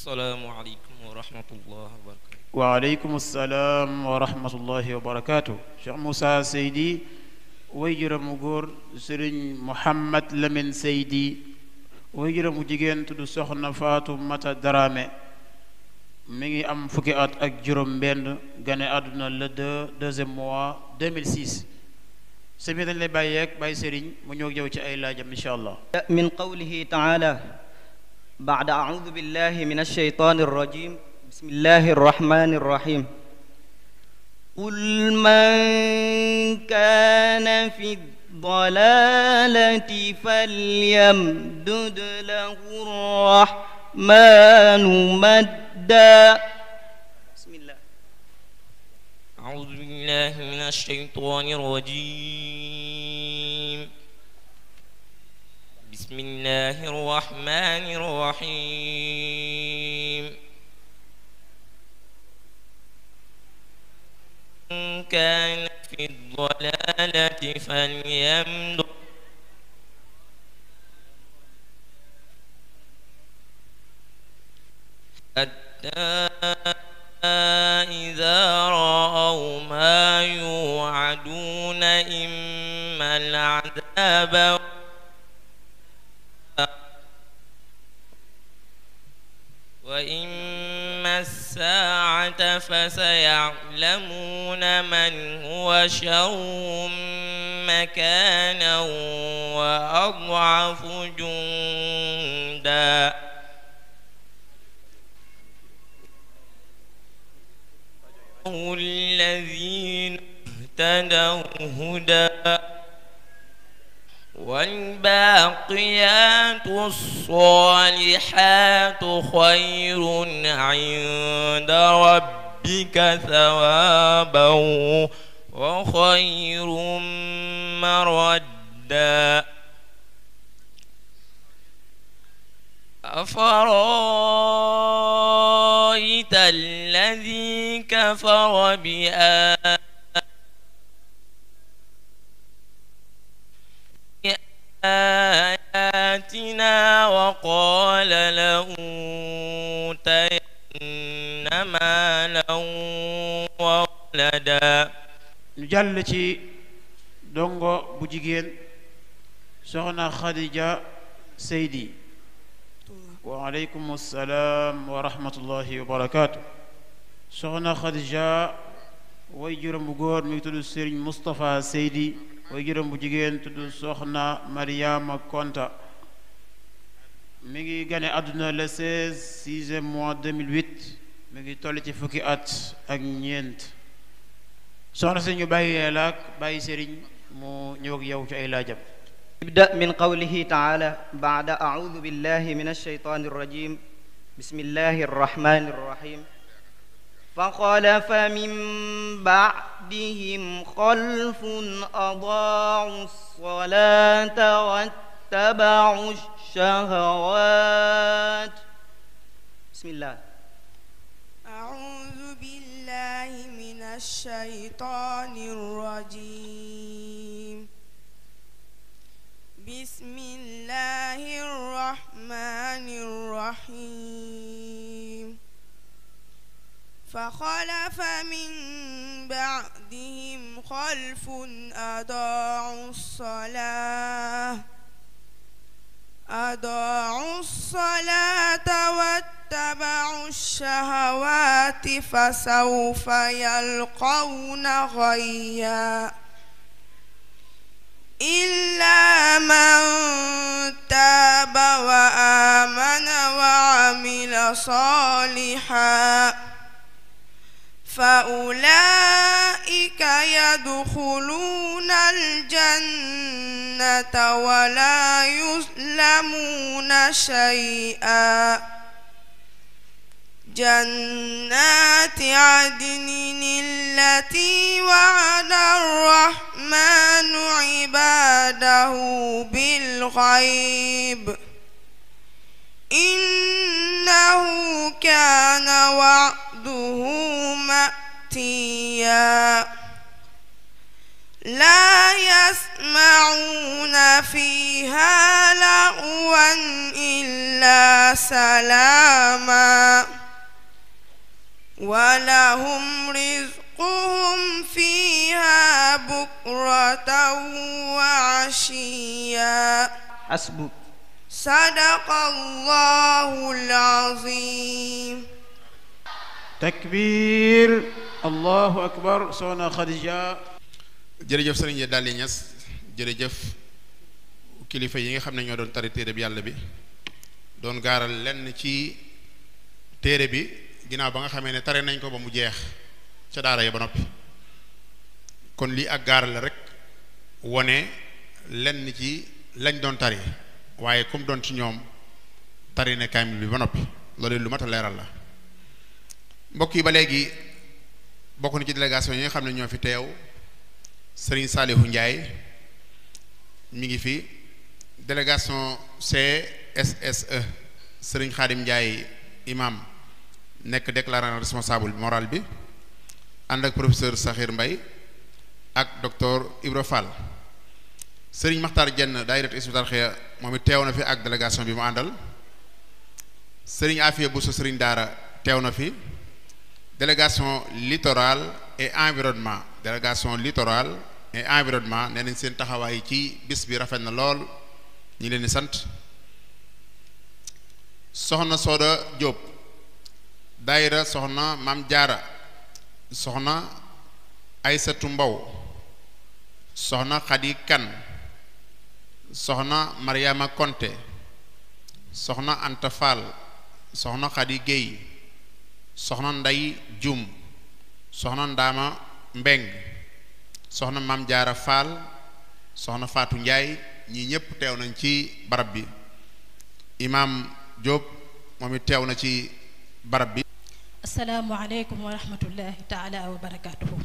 asalaamualeykum wa rahmatullah wa barakatu waaleykum asalaam wa rahmatullahi wa barakatuh Cheikh Moussa Seydi way juramu góor Sëriñ Mouhamad Lamine Seydi way juramu jigéen tudd Soxna Faatu Mata Daraame mi ngi am fukki at ak juróom benn gane àdduna le deux deuxième mois 2006 sëñ bi dañ lay bàyyeeg bàyyi sëriñ mu ñëw jëw ci ay laajam incha allah min qawlihi taala بعد أعوذ بالله من الشيطان الرجيم بسم الله الرحمن الرحيم قل من كان في الضلالة فليمدد له الرحمن مدا بسم الله أعوذ بالله من الشيطان الرجيم بسم الله الرحمن الرحيم من كان في الضلالة فليمدد حتى إذا رأوا ما يوعدون إما العذاب وإما الساعة فسيعلمون من هو شر مكانا وأضعف جندا الذين اهتدوا هدى والباقيات الصالحات خير عند ربك ثوابا وخير مردا أفرأيت الذي كفر بآياتنا آياتنا وقال لأوتين مالا وولدا ñu jàll ci dongo bu jigéen soxna Khadija Seydi waaleykum salaam wa rahmatullahi wa barakaatu soxna Khadija way juróom bu góor mi ngi tudd Serigne Moustapha Seydi way juróom bu jigéen tudd soxna Mariama Konta mi ngi gane àdduna le 16 sixième mois 2008 mi ngi toll ci fukki at ak ñeent soxna si ñu bàyyi yeelaak bàyyi sëriñ mu ñëw ak yow ci ay laajam ibda min qawlihi taala baada audu billahi min alsheytani arrajim bismillahi arrahmani arrahim فخلف من بعدهم خلف أضاعوا الصلاة واتبعوا الشهوات بسم الله أعوذ بالله من الشيطان الرجيم بسم الله الرحمن الرحيم فخلف من بعدهم خلف أضاعوا الصلاة أضاعوا الصلاة واتبعوا الشهوات فسوف يلقون غيا إلا من تاب وآمن وعمل صالحاً فأولئك يدخلون الجنة ولا يظلمون شيئا جنات عدن التي وعد الرحمن عباده بالغيب إنه كان وعده مأتيا لا يسمعون فيها لغوا إلا سلاما ولهم رزقهم فيها بكرة وعشيا حسبك sadaqallahul aziim takbir allahu akbar soxna Xadija jërëjëf sëriñ Dali Ñas jërëjëf kilifa yi nga xam ne ñoo doon tari téere bi yàlla bi doon gaaral lenn ci téere bi ginnaaw ba nga xamee ne tare nañ ko ba mu jeex ca daara yi ba noppi kon lii ak gaaral la rek wone lenn ci lañ doon tari waaye comme doon ci ñoom tari na kaamil bi ba noppi loolu lu mat a leeral la mbokk yi ba léegi bokk na ci délégation yi nga xam ne ñoo fi teew Serigne Salihu Ndiaye mi ngi fi délégation CSSE Serigne Khadim Ndiaye imam nekk déclarant responsable moral bi ànd ak professeur Sakhir mbay ak docteur Ibra Fall sëriñ Maxtaar Jenn daayiratu Hizbut Tarqiyyah moom it teew na fi ak délégation bi mu àndal sëriñ Afia Bousso sëriñ Daara teew na fi délégation littorale et environnement délégation littorale et environnement nee nañ seen taxawaay ci bis bi rafet na lool ñi leen di sant soxna Soda Diop daayira soxna Maam Jaara soxna satu Mbow soxna Xadi Kan soxna Mariama Konte soxna Anta Fall soxna Khady Guèye soxna Ndey Jum soxna Ndaama Mbeng soxna Mam Jaara Fall soxna Faatu Njaay ñi ñépp teew nañ ci barab bi imaam Jóob moom it teew na ci barab bi asalaamualeykum wa rahmatullahi taala wa barakaatuhu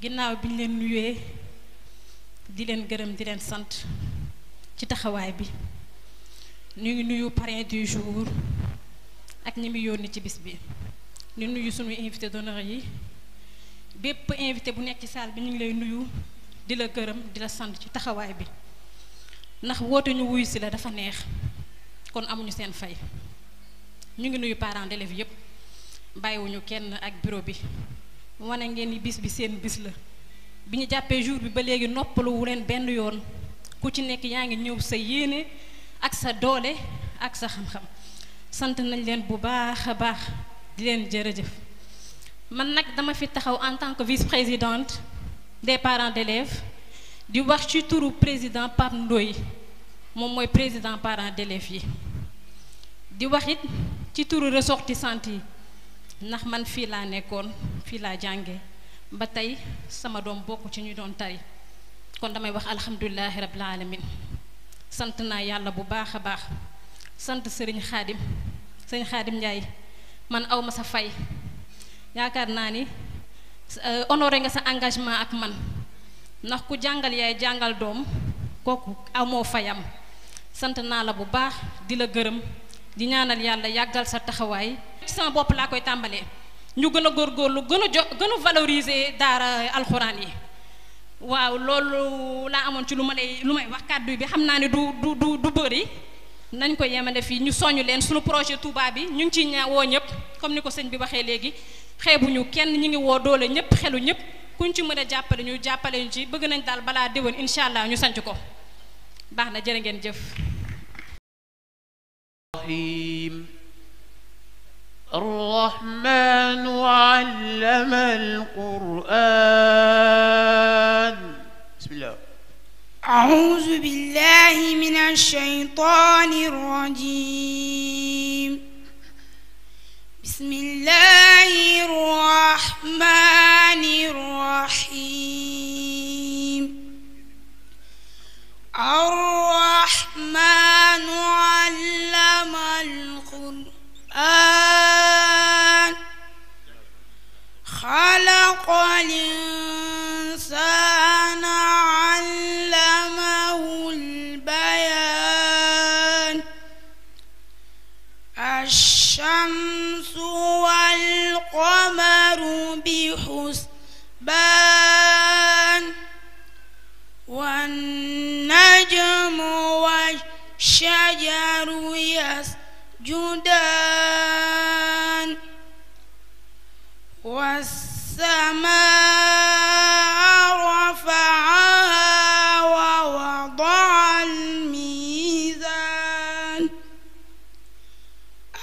ginnaaw bi leen nuyee di leen gërëm di leen sant ci taxawaay bi ñu ngi nuyu parrain du jour ak ñi mi yónni ci bis bi ñu nuyu suñu invité d'honneur yi bépp invité bu nekk ci salle bi ñu ngi lay nuyu di la gërëm di la sant ci taxawaay bi ndax woote ñu wuyu la dafa neex kon amuñu seen fay ñu ngi nuyu parents d'élèves yépp bàyyiwuñu kenn ak bureau bi wane ngeen ni bis bi seen bis la bi ñu jàppee jour bi ba léegi noppalu wu leen benn yoon ku ci nekk yaa ngi ñëw sa yéene ak sa doole ak sa xam-xam sant nañ leen bu baax a baax di leen jërëjëf man nag dama fi taxaw en tant que vice-présidente des parents d'élèves di wax ci turu président Pape Ndoye moom mooy président parents d'élèves yi di waxit it ci turu ressortissant yi ndax man fii laa nekkoon fii laa jànge ba tey sama doom bokk ci ñu doon tari kon damay wax alhamdulilahi rabil alamin sant naa yàlla bu baax a baax sant sëriñ xaadim sëriñ xaadim njaay man aw ma sa fay yaakaar naa ni eh, honoré nga sa engagement ak man ndax ku jàngal yaay jàngal doom kooku amoo fayam sant naa la bu baax di la gërëm di ñaanal yàlla yàggal sa taxawaay ci sama bopp laa koy tàmbalee ñu gën a góorgóorlu gën a jo gën a valoriser daara alxuraan yi waaw loolu laa amoon ci lu ma lay lu may wax kàddu bi xam naa ne du du du du bëri nañ ko yemale fii ñu soñu leen suñu projet tubaab bi ñu ngi ciy ñaawoo ñëpp comme ni ko sëñ bi waxee léegi xeebuñu kenn ñu ngi woo doole ñëpp xelu ñëpp kuñ ci mën a jàppale ñu jàppale ñu ci bëgg nañ daal balaa déwén incha allah ñu sanc ko baax na jërë ngeen jëf. الرحمن علم القرآن بسم الله أعوذ بالله من الشيطان الرجيم بسم الله الرحمن الرحيم الرحمن علم القرآن القرآن خلق الإنسان علمه البيان الشمس والقمر بحسبان والنجم والشجر يسبحان جدان والسماء رفعها ووضع الميزان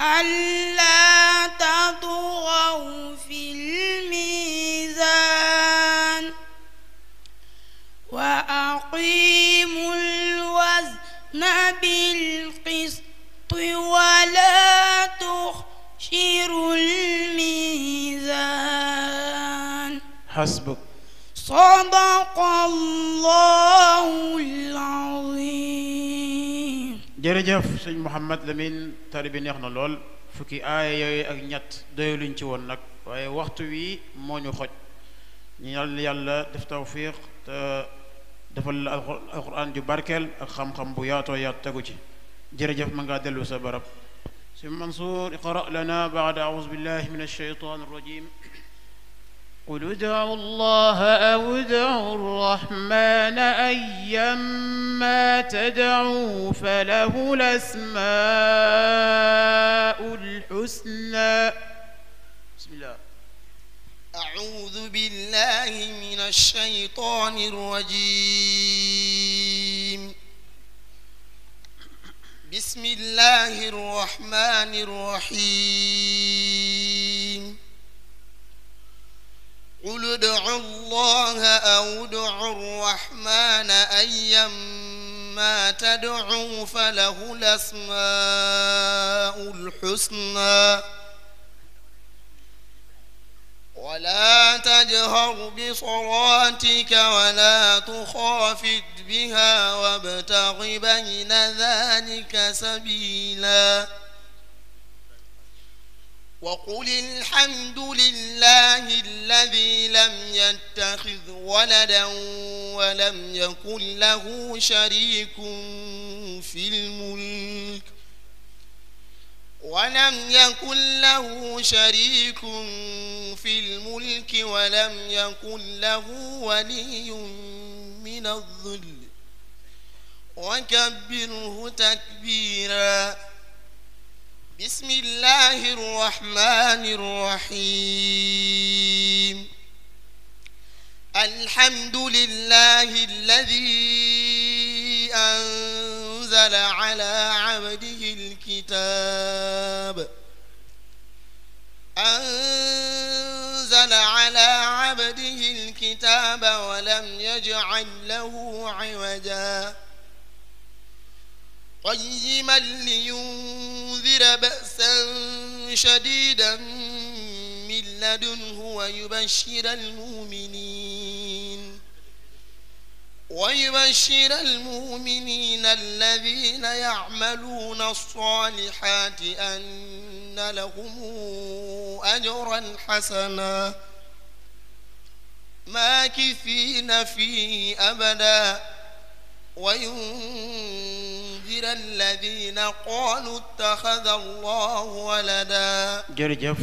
ألا تطغوا في الميزان وأقيموا الوزن بالقسط ولا الميزان حسبك صدق الله العظيم jërëjëf sëñ Mouhamed bi neex na lool fukki aaya yooyu ak ñett doyaluñ ci woon nag waaye waxtu wi moo ñu xoj ñu yàlla yàlla def tawfiq te defal la alquran ju ak xam-xam bu yaatoo yaat tegu ci jërëjëf ma ngaa dellu sa barab sëñ Mansour iqra lana baad aoudu billahi min alsheytan arrajim qul udcu llaha aw udcu rrahmana ayyama tadcuu falahu lasmaau lxusna bismillah أعوذ بالله من الشيطان الرجيم بسم الله الرحمن الرحيم قل ادعوا الله أو ادعوا الرحمن أيما تدعوا فله الأسماء الحسنى ولا تجهر بصلاتك ولا تخافت بها وابتغ بين ذلك سبيلا وقل الحمد لله الذي لم يتخذ ولدا ولم يكن له شريك في الملك ولم يكن له شريك في الملك ولم يكن له ولي من الظل وكبره تكبيرا بسم الله الرحمن الرحيم الحمد لله الذي أنزل على الكتاب أنزل على عبده الكتاب ولم يجعل له عوجا قيما لينذر بأسا شديدا من لدنه ويبشر المؤمنين ويبشر المؤمنين الذين يعملون الصالحات أن لهم أجرا حسنا ماكثين فيه أبدا وينذر الذين قالوا اتخذ الله ولدا jërëjëf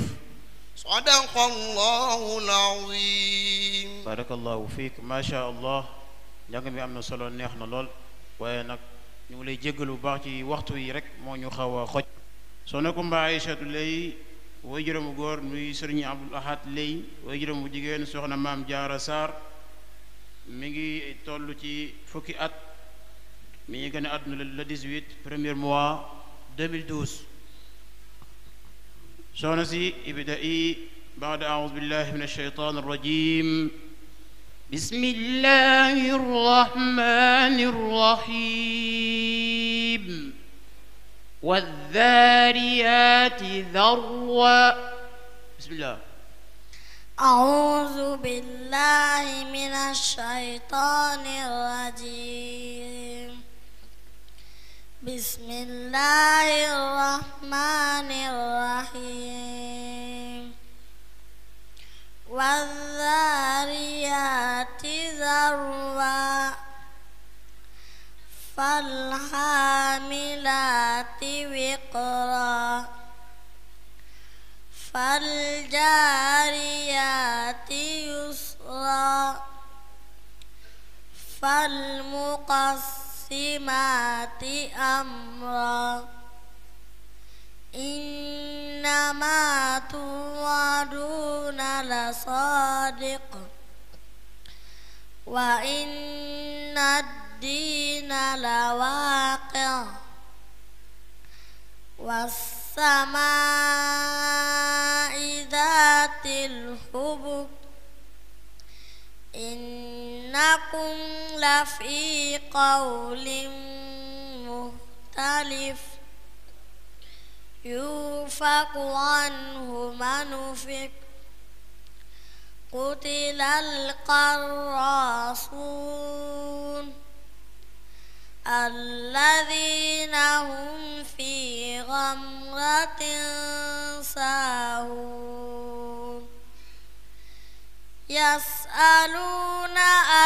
صدق الله العظيم بارك الله فيك ما شاء الله njàng mi am na solo neex na lool waaye nag ñu ngi lay jéggalu bu baax ci waxtu yi rek moo ñu xaw a xoj soxna Kumba Aysatu Lay way juróomu góor muy sëriñ Abdul Ahad Lay way juróomu jigéen soxna maam Jaara Sarr mi ngi toll ci fukki at mi ngi gën a àdduna le 18 premier mois 2012 soxna si ibda i baada aoudu billahi min alsheytan arrajim بسم الله الرحمن الرحيم والذاريات ذروا بسم الله أعوذ بالله من الشيطان الرجيم بسم الله الرحمن الرحيم والذاريات فالحاملات وقرا فالجاريات يسرا فالمقسمات أمرا إنما توعدون لصادق وإن الدين لواقع والسماء ذات الهبك إنكم لفي قول مختلف يوفك عنه من أفك قتل القراصون الذين هم في غمرة ساهون يسألون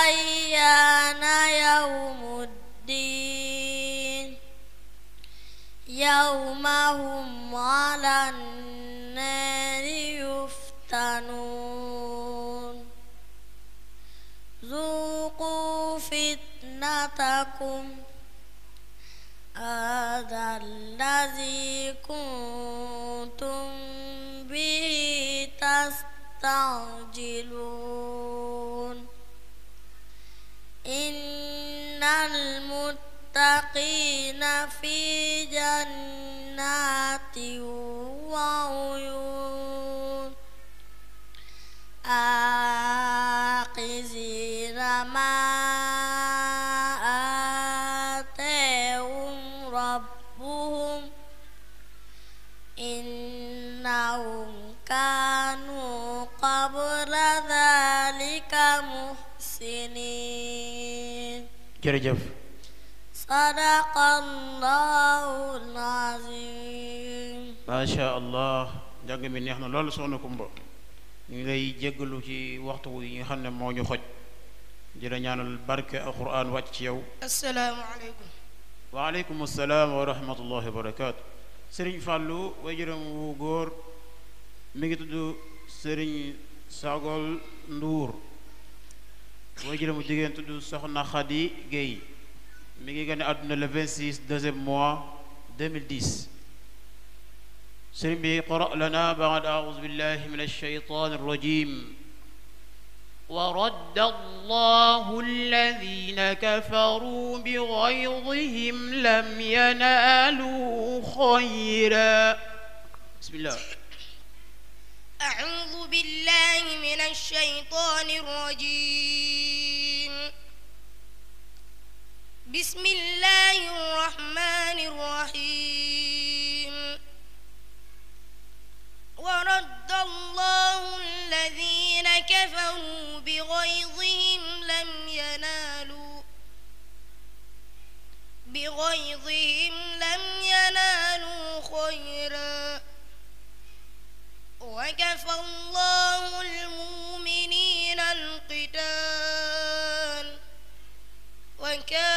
أيان يوم الدين يوم هم على النار يفتنون ذوقوا فتنتكم هذا الذي كنتم به تستعجلون إن المتقين في جنات jërëjëf sadaqallahul azim macha allah neex na loolu soxna Kumba ngi lay jéggalu ci waxtu yi nga xam ne moo ñu xoj di la ci yow asalaamaaleykum waaleykum asalaam wa rahmatullahi wa barakaatu sëriñ wu góor mi ngi tudd sëriñ sagol nduur way jële mu jigéen tudd Soxna Khady Guèye mi ngi gane àdduna le 26 deuxième mois 2010 sëriñ bi qara lana baad aoudu billahi min alsheytan arrajim ورد الله الذين كفروا بغيظهم لم ينالوا خيرا بسم الله أعوذ بالله من الشيطان الرجيم بسم الله الرحمن الرحيم ورد الله الذين كفروا بغيظهم لم ينالوا بغيظهم لم ينالوا وكفى الله المؤمنين القتال وكان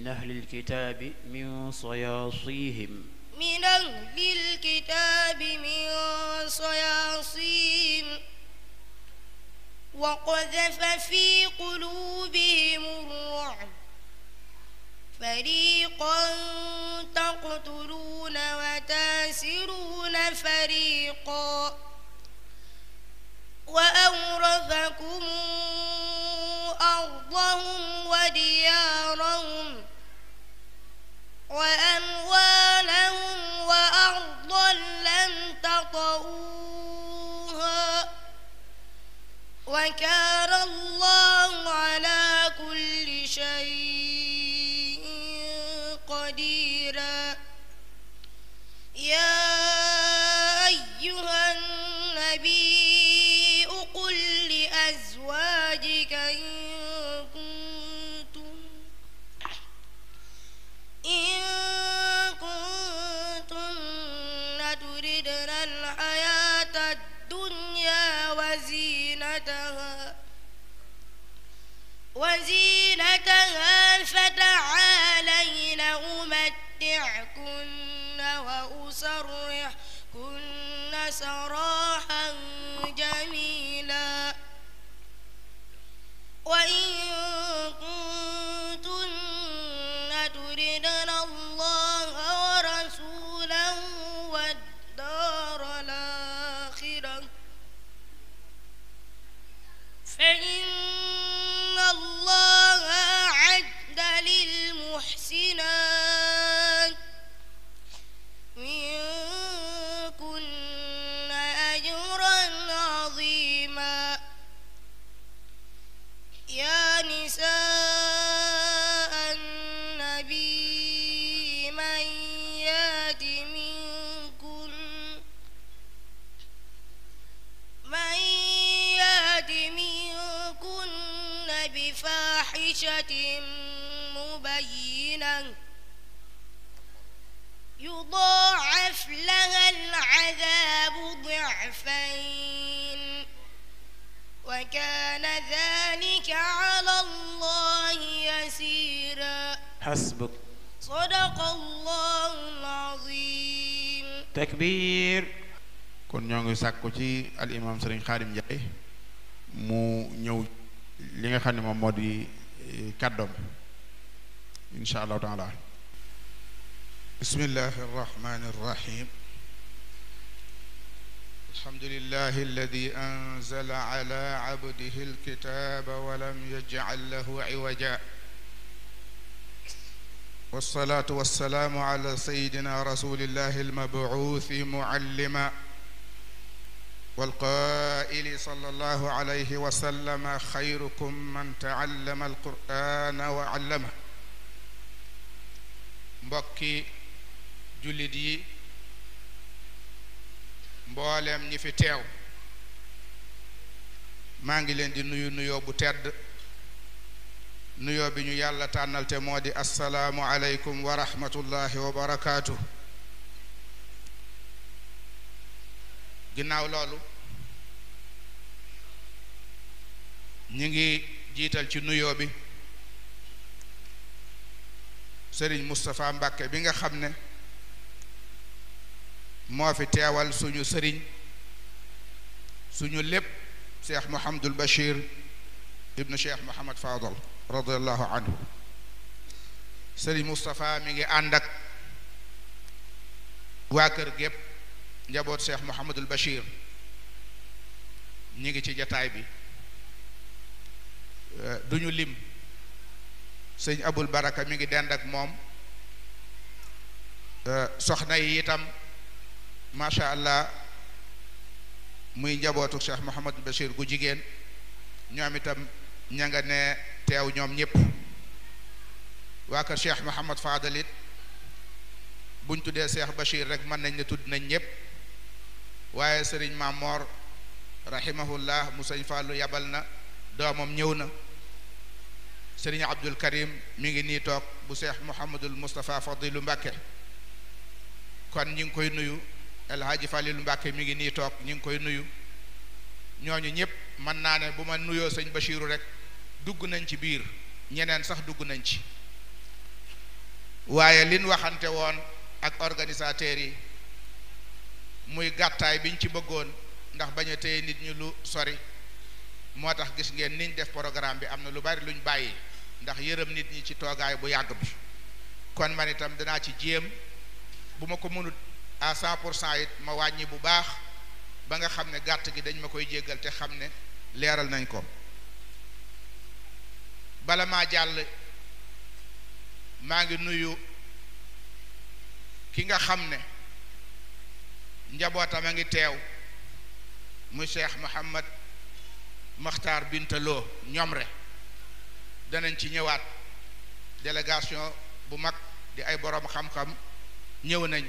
من أهل الكتاب من صياصيهم من أهل الكتاب من صياصيهم وقذف في قلوبهم الرعب فريقا تقتلون وتاسرون فريقا وأورثكم أرضهم وديارهم وأموالا وأرضا لم تطئوها وكان الله على كل شيء قديرا يا وزينتها فتعالين أمتعكن وأسرحكن سراحا جميلا وإن وكان ذلك على الله يسيرا حسبك صدق الله العظيم تكبير kon ñoo ngi sàkku ci al imam Serigne Khadim Ndiaye mu ñëw li nga xam ne moom moo di eh, kàddoom incha allahu taala bismillahi arrahmani arrahim الحمد لله الذي أنزل على عبده الكتاب ولم يجعل له عوجا والصلاة والسلام على سيدنا رسول الله المبعوث معلما والقائل صلى الله عليه وسلم خيركم من تعلم القرآن وعلمه mbokki jullit yi mbooleem ñi fi teew maa ngi leen di nuyu nuyoo bu tedd nuyoo bi ñu yàlla tànnal te moo di assalaamu aleykum wa rahmatullahi barakaatu ginnaaw loolu ñi ngi jiital ci nuyoo bi Sëriñ mustafaa Mbàkke bi nga xam ne moo fi teewal suñu sëriñ suñu lépp seex mohamadul bachir ibnu cheikh mohamad fadal radiallahu anhu sëriñ moustapha mi ngi ànd ak waa kër gépp njaboot seex mohamadul bachir ñi ngi ci jataay bi euh, duñu lim sëñ abul baraka mi ngi dend ak moom euh, soxna yi itam macha allah muy njabootu Cheikh Mouhamadou Bachir gu jigéen ñoom itam ña nga ne teew ñoom ñëpp waa kër Cheikh Mouhamad Fadalit buñ tuddee Cheikh Bachir rek mën nañ ne tudd nañ ñëpp waaye sëriñ Mamor rahimahullah mu sëñ Fàllu yabal na doomam ñëw na sëriñ Abdul Karim mi ngi nii toog bu Cheikh Mouhamadul Moustapha Fadilu Mbàkke kon ñu ngi koy nuyu El Hadj Falilou Mbacke mi ngi nii toog ñu ngi koy nuyu ñooñu ñëpp mën naa ne bu ma nuyoo sëñ Bachirou rek dugg nañ ci biir ñeneen sax dugg nañ ci waaye lin waxante woon ak organisateurs yi muy gàttaay biñ ci bëggoon ndax bañ a téye nit ñu lu sori moo tax gis ngeen niñ def programme bi am na lu bari luñ bàyyi ndax yërëm nit ñi ci toogaay bu yàgg bi kon man itam danaa ci jéem bu ma ko mënut à cent pour cent it ma wàññi bu baax ba nga xam ne gàtt gi dañ ma koy jéggal te xam ne leeral nañ ko bala maa jàll maa ngi nuyu ki nga xam ne njabootam a ngi teew muy Cheikh Mouhamad Makhtar Bintaloo ñoom re danañ ci ñëwaat délégation bu mag di ay boroom xam-xam ñëw nañ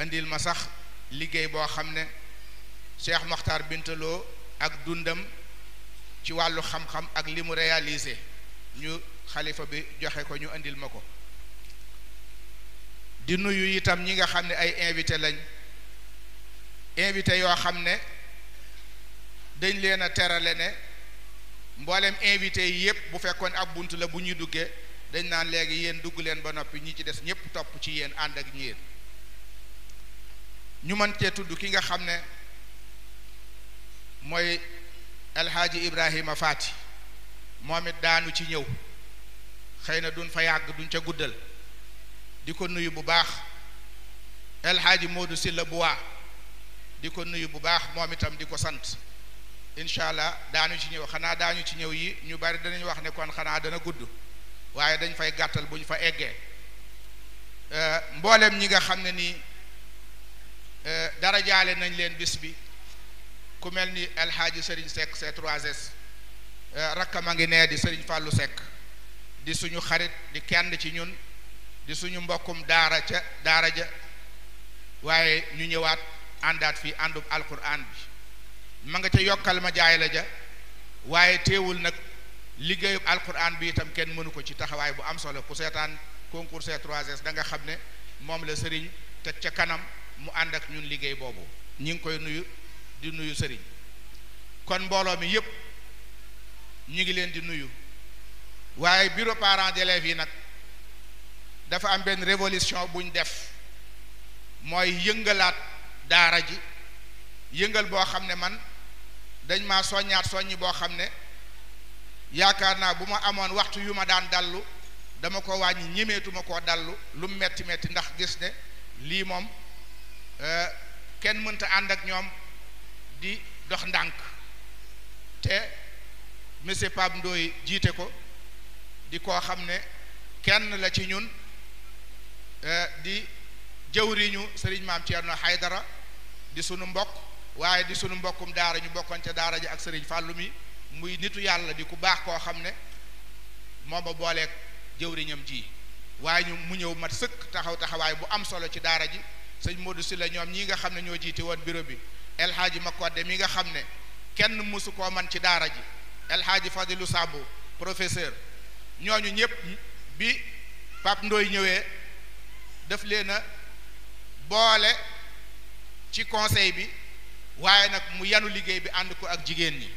indil ma sax liggéey boo xam ne Cheikh Mokhtar Binta ak dundam ci wàllu xam-xam ak li mu réalisé ñu xalifa bi joxe ko ñu indil ma ko di nuyu itam ñi nga xam ne ay invité lañ invité yoo xam ne dañ leen a terale ne mboolem invité yi yëpp bu fekkoon ab bunt la bu ñuy duggee dañ naan léegi yéen dugg leen ba noppi ñi ci des ñëpp topp ci yéen ànd ak ñi ñu mën cee tudd ki nga xam ne mooy alxaaji ibrahima faati moom it daanu ci ñëw xëy na duñ fa yàgg duñ ca guddal di ko nuyu bu baax alxaaji moodu silla bu waa di ko nuyu bu baax moom itam di ko sant incha allah daanu ci ñëw xanaa daañu ci ñëw yi ñu bari danañ wax ne kon xanaa dana gudd waaye dañ fay gàttal bu ñu fa eggee euh, mboolem ñi nga xam ne nii Euh, dara jaale nañ leen bis bi ku mel ni El Hadji sekk Seck C3S euh, a ngi nee di Serigne Fallou Seck di suñu xarit di kenn ci ñun di suñu mbokkum daara ca daara ja waaye ñu ñëwaat àndaat fii àndub alquran bi ma nga ca yokkal ma jaay la ja waaye teewul nag liggéeyub alquran bi itam kenn mënu ko ci taxawaay bu am solo ku seetaan concours c 3 nga xam ne moom la Serigne te ca kanam. mu ànd ak ñun liggéey boobu ñu ngi koy nuyu di nuyu sëriñ kon mbooloo mi yépp ñu ngi leen di nuyu waaye bureau parents d'élèves yi nag dafa am benn révolution buñ def mooy yëngalaat daara ji yëngal boo xam ne man dañ ma soññaat soññ boo xam ne yaakaar naa bu ma amoon waxtu yu ma daan dallu dama ko wàññi ñemeetuma koo dàllu lu metti metti ndax gis ne lii moom Euh, kenn mënta ànd ak ñoom di dox ndànk te monsieur Pape Ndoye jiite ko di koo xam ne kenn la ci ñun euh, di jëwriñu sëriñ maam Thierno dara di sunu mbokk waaye di sunu mbokkum daara ñu bokkoon ca daara ji ak sëriñ Fàllu mi muy nitu yàlla di ku baax koo xam ne moom booleek booleeg jëwriñam ji waaye ñu mu ñëw mat sëkk taxaw taxawaay bu am solo ci daara ji sëñ si la ñoom ñii nga xam ne ñoo jiite woon bureau bi El ma Makodde mi nga xam ne kenn mësu koo man ci daara ji El Hadj Fadilou Sabo professeur ñooñu ñëpp bi Pape Ndoye ñëwee daf leen a boole ci conseil bi waaye nag mu yanu liggéey bi ànd ko ak jigéen ñi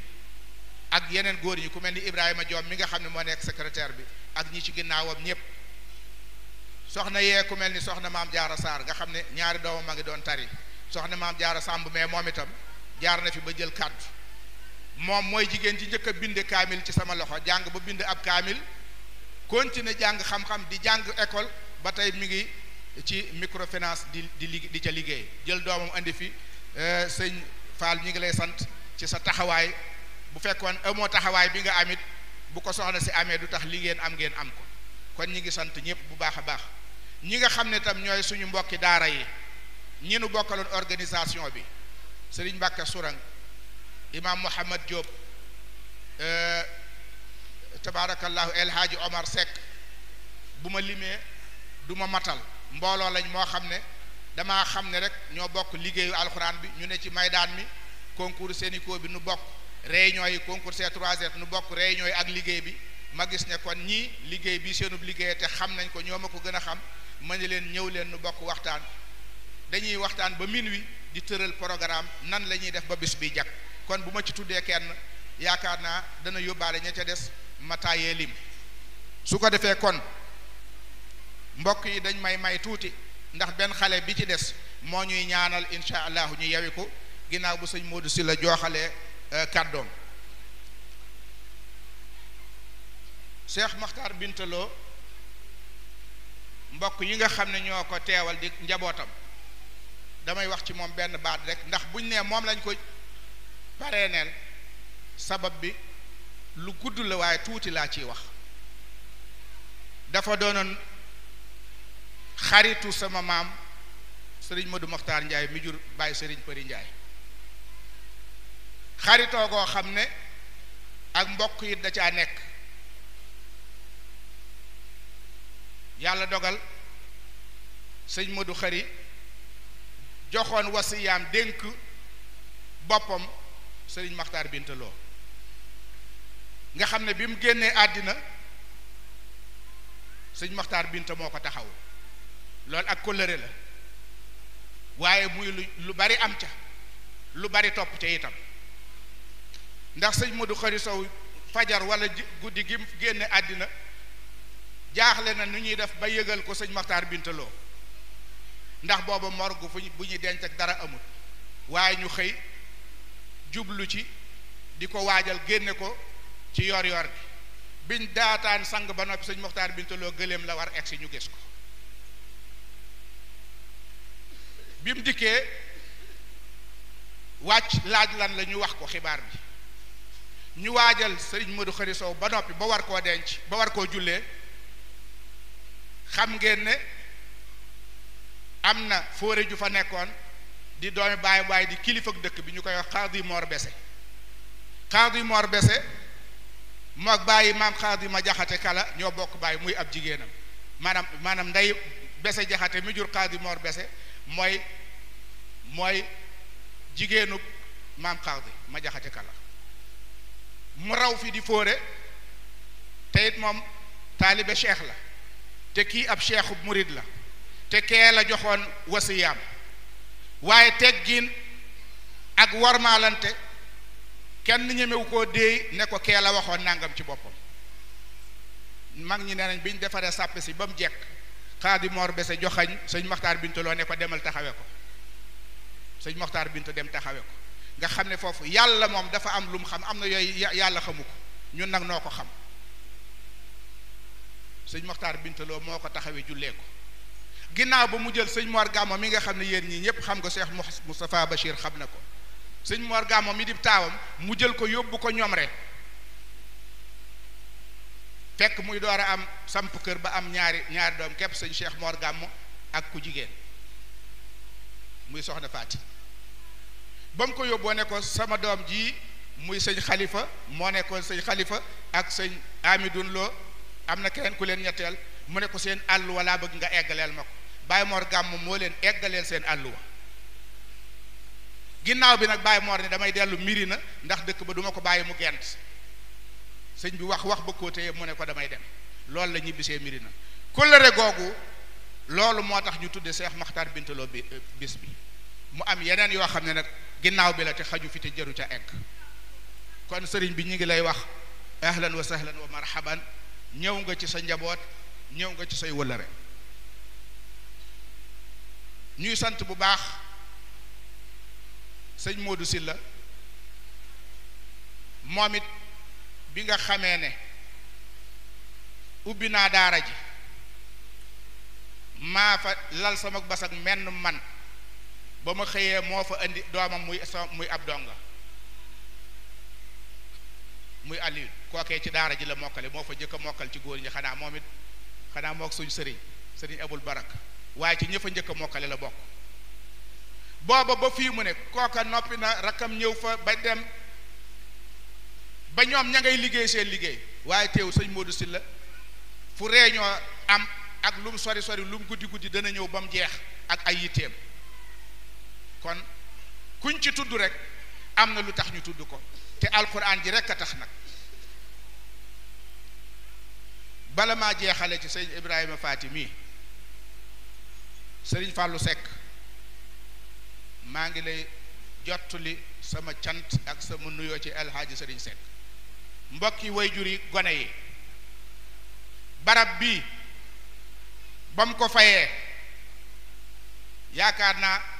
ak yeneen góor ñi ku mel ni Ibrahima joom mi nga xam ne moo nekk secrétaire bi ak ñi ci ginnaawam ñëpp. soxna yee ku mel ni soxna maam jaar a saar nga xam ne ñaari doomam a ngi doon tari soxna maam jaara sàmb mais moom itam jaar na fi ba jël kàddu moom mooy jigéen ci njëkk a bind kaamil ci sama loxo jàng ba bind ab kaamil continuer jàng xam-xam di jàng école ba tey mi ngi ci microfinance di di li di ca liggéey jël doomam indi fi eh, sëñ Fall ñi ngi lay sant ci sa taxawaay bu fekkoon amoo taxawaay bi nga amit bu ko soxna si amee du tax li ngeen am ngeen am ko kon ñi ngi sant ñëpp bu baax a baax ñi nga xam ne tam ñooy suñu mbokki daara yi ñi nu bokkaloon organisation bi sëriñ Mbàkke Sourang imaam Mouhamad Diop euh, tabaarakallahu El Hadji Omar Seck bu ma limee du ma matal mbooloo lañ moo xam ne damaa xam ne rek ñoo bokk liggéeyu alxuraan bi ñu ne ci maydaan mi concours Sénico bi nu bokk réunion ñooy concours c nu bokk réunion yi ak liggéey bi ma gis ne kon ñii liggéey bi seenub liggéey te xam nañ ko ñoo ma ko gën a xam ma ne leen ñëw leen nu bokk waxtaan dañuy waxtaan ba wi di tëral programme nan la ñuy def ba bis bi jag kon bu ma ci tuddee kenn yaakaar naa dana yóbbaale ña ca des ma taayee lim su ko defee kon mbokk yi dañ may may tuuti ndax benn xale bi ci des moo ñuy ñaanal incha allah ñu yewi ko ginnaaw bu sëñ Modou si la jooxalee euh, kàddoom Cheikh Makhtar Bintaloo mbokk yi nga xam ne ñoo ko teewal di njabootam damay wax ci moom benn baat rek ndax buñ nee moom lañ ko paree neel sabab bi lu gudd la waaye tuuti laa ciy wax dafa doonoon xaritu sama maam sëriñ Modou Mokhtar Ndiaye mi jur bàyyi sëriñ Përi Ndiaye xaritoo goo xam ne ak mbokk yi da caa nekk yàlla dogal sëñ Modou Khari joxoon wasiyaam dénk boppam sëriñ Maxtaar Bintaloo nga xam ne bi mu génnee àddina sëñ maxtar Binta moo ko taxaw loolu ak kóllëre la waaye muy lu lu bari am ca lu bari topp ca itam ndax sëñ Modou Khari Sow fajar wala guddi gi mu génne àddina jaaxle na nu ñuy def ba yëgal ko sañ Maxtaar Bintaloo ndax booba morgue fu bu ñuy denc ak dara amul waaye ñu xëy jublu ci di ko waajal génne ko ci yor yor bi biñ daataan sang ba noppi sëñ Maxtaar Bintaloo gëléem la war egsi ñu gis ko bi mu dikkee wàcc laaj lan la ñu wax ko xibaar bi ñu waajal sëñ Modou Xari soow ba noppi ba war koo denc ba war koo jullee xam ngeen ne am na fóore ju fa nekkoon di doomi baay baay di kilifa dëkk bi ñu koy wax xaadi moor bese xaadi moor bese moo bàyyi maam xaadi ma jaxate kala ñoo bokk bàyyi muy ab jigéenam maanaam maanaam nday bese jaxate mi jur xaadi moor bese mooy mooy jigéenu maam xaadi ma jaxate kala mu raw fi di fóore te it moom taalibe cheikh la te kii ab cheikhu murit la te kee la joxoon wasiyaam waaye teggin ak warmaalante kenn ñemewu koo déey ne ko kee la waxoon nangam ci boppam mag ñi ne nañ bi ñu defaree sàppe si ba mu jekk xaadi moor bese joxañ sëñ maxtaar bintu loo ne ko demal taxawe ko sëñ maxtaar bintu dem taxawe ko nga xam ne foofu yàlla moom dafa am lu mu xam am na yooyu yàlla xamu ko ñun nag noo ko xam sëñ Moxtaar Bintaloo moo ko taxawee jullee ko ginnaaw ba mu jël sëñ Mor Gàmmo mi nga xam ne yéen ñii ñëpp xam nga Cheikh Moustapha Bachir xam na ko sëñ Mor Gàmmo mi di taawam mu jël ko yóbbu ko ñoom rek fekk muy door a am samp kër ba am ñaari ñaari doom képp sëñ Cheikh Mor Gàmmo ak ku jigéen muy soxna Faati ba mu ko yóbboo nekkoon sama doom jii muy sëñ Xalifa moo nekkoon sëñ Xalifa ak sëñ Amidun Lo am na keneen ku leen ñetteel mu ne ko seen àlluwa laa bëgg nga eggaleel ma ko Baye Mor gàmm moo leen eggaleel seen àlluwa ginnaaw bi nag Baye Mor damay dellu miri na ndax dëkk ba duma ko bàyyi mu gent sëñ bi wax wax ba koo mu ne ko damay dem loolu la ñibbisee miri na kóllëre googu loolu moo tax ñu tudde Seex maxtar Bintaloo bi euh, bis bi mu am yeneen yoo xam ne nag ginnaaw bi la te xaju fi te jaru ca egg kon sëriñ bi ñu ngi lay wax ahlan wa sahlan wa marhaban ñëw nga ci sa njaboot ñëw nga ci say wëllëre ñuy sant bu baax sëñ Modou Sylla moom it bi nga xamee ne ubbi naa daara ji maa fa lal sama bas menn man ba ma xëyee moo fa indi doomam muy muy ab donga muy Alioune kookee ci daara ji la mokkale moo fa njëkk mokkal ci góor ñi xanaa moom it xanaa mook suñu sëriñ sëriñ abul barak waaye ci ñë fa njëkk a mokkale la bokk booba ba fii mu ne kooka noppi na rakkam ñëw fa ba dem ba ñoom ña ngay liggéey seen liggéey waaye teew sëñ si la fu réunion am ak lum sori sori lum guddi guddi dana ñëw bam jeex ak ay yitteem kon kuñ ci tudd rek am na lu tax ñu tudd ko te alquran ji rekk a tax nag bala maa jeexale ci sëriñ Ibrahima Faati mii sëriñ Fàllu Sekk maa ngi lay jottali sama cant ak sama nuyoo ci alxaaji sëriñ Sekk mbokki way yi gone yi barab bii ba mu ko fayee yaakaar naa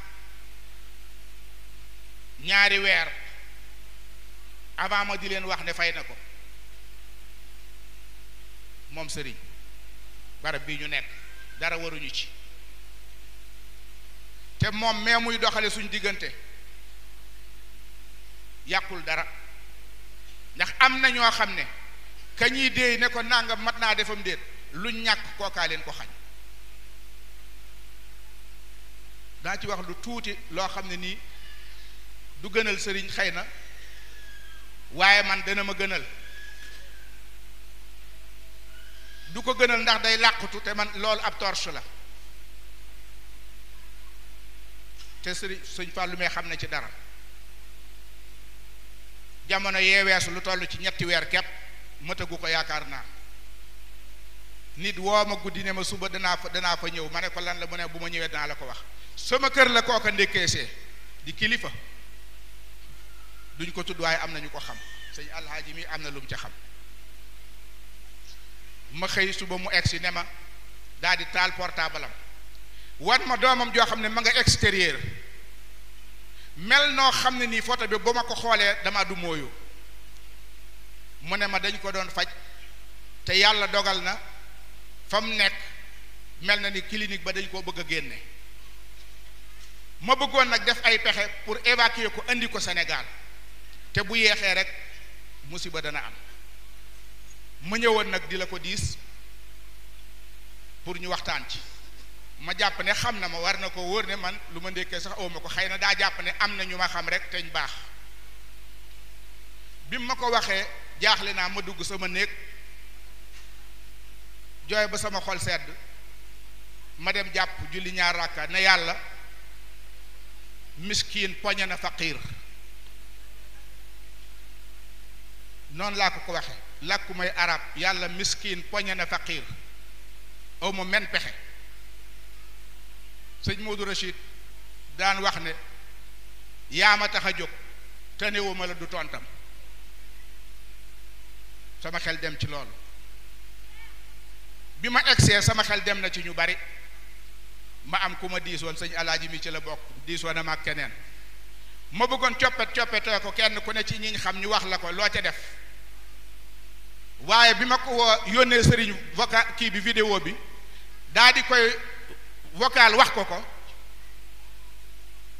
ñaari weer avant ma di leen wax ne fay na ko moom sëriñ barab bii ñu nekk dara waruñu ci te moom mais muy doxale suñ diggante yàqul dara ndax am na ñoo xam ne ka ñuy déey ne ko nangam mat naa defam déet lu ñàkk kookaaleen ko xañ daa ci wax lu tuuti loo xam ne nii du gënal sëriñ xëy na waaye man dana ma gënal du ko gënal ndax day làqutu te man loolu ab torche la te sëriñ sëñ Fallou mee xam ne ci dara jamono yee weesu lu toll ci ñetti weer kepp mëtagu ko yaakaar naa nit woo ma guddi ne ma suba danaa fa danaa fa ñëw ma ne ko lan la mu ne bu ma ñëwee danaa la ko wax sama kër la kooka ndékkeesee di kilifa duñ ko tudd waaye am na ñu ko xam sëñ alxaaji mii am na lu mu ca xam ma xëy suba mu si ne ma daldi di taal portable am ma doomam joo xam ne ma nga extérieur mel noo xam ne nii photo bi ba ma ko xoolee dama du mooyu mu ne ma dañ ko doon faj te yàlla dogal na fa mu nekk mel na ni clinique ba dañ koo bëgg génne ma bëggoon nag def ay pexe pour évacuer ko indi ko Sénégal te bu yeexee rek musiba dana am ma ñëwoon nag di la ko diis pour ñu waxtaan ci ma jàpp ne xam na ma war na ko wóor ne man lu ma ndekkee sax aw ma ko xëy na daa jàpp ne am na ñu ma xam rek teñ baax bi ma ko waxee jaaxle naa ma dugg sama néeg jooy ba sama xol sedd ma dem jàpp julli ñaar rakka ne yàlla miskin poñe na faqiir noonu laa ko ko waxe làkku may arab yàlla miskin poñe na faqiir aw ma pexe sëñ Modou Rachid daan wax ne yaa ma tax a jóg tenewuma la du tontam sama xel dem ci loolu bi ma egsee sama xel dem na ci ñu bari ma am ku ma diisoon sëñ alaaji mi ci la bokk diisoon na ma ak keneen ma bëggoon coppet coppetee ko kenn ku ne ci ñi xam ñu wax la ko loo ca def waaye bi ma ko yónnee sëriñ vocal kii bi vidéo bi daa di koy vocal wax ko ko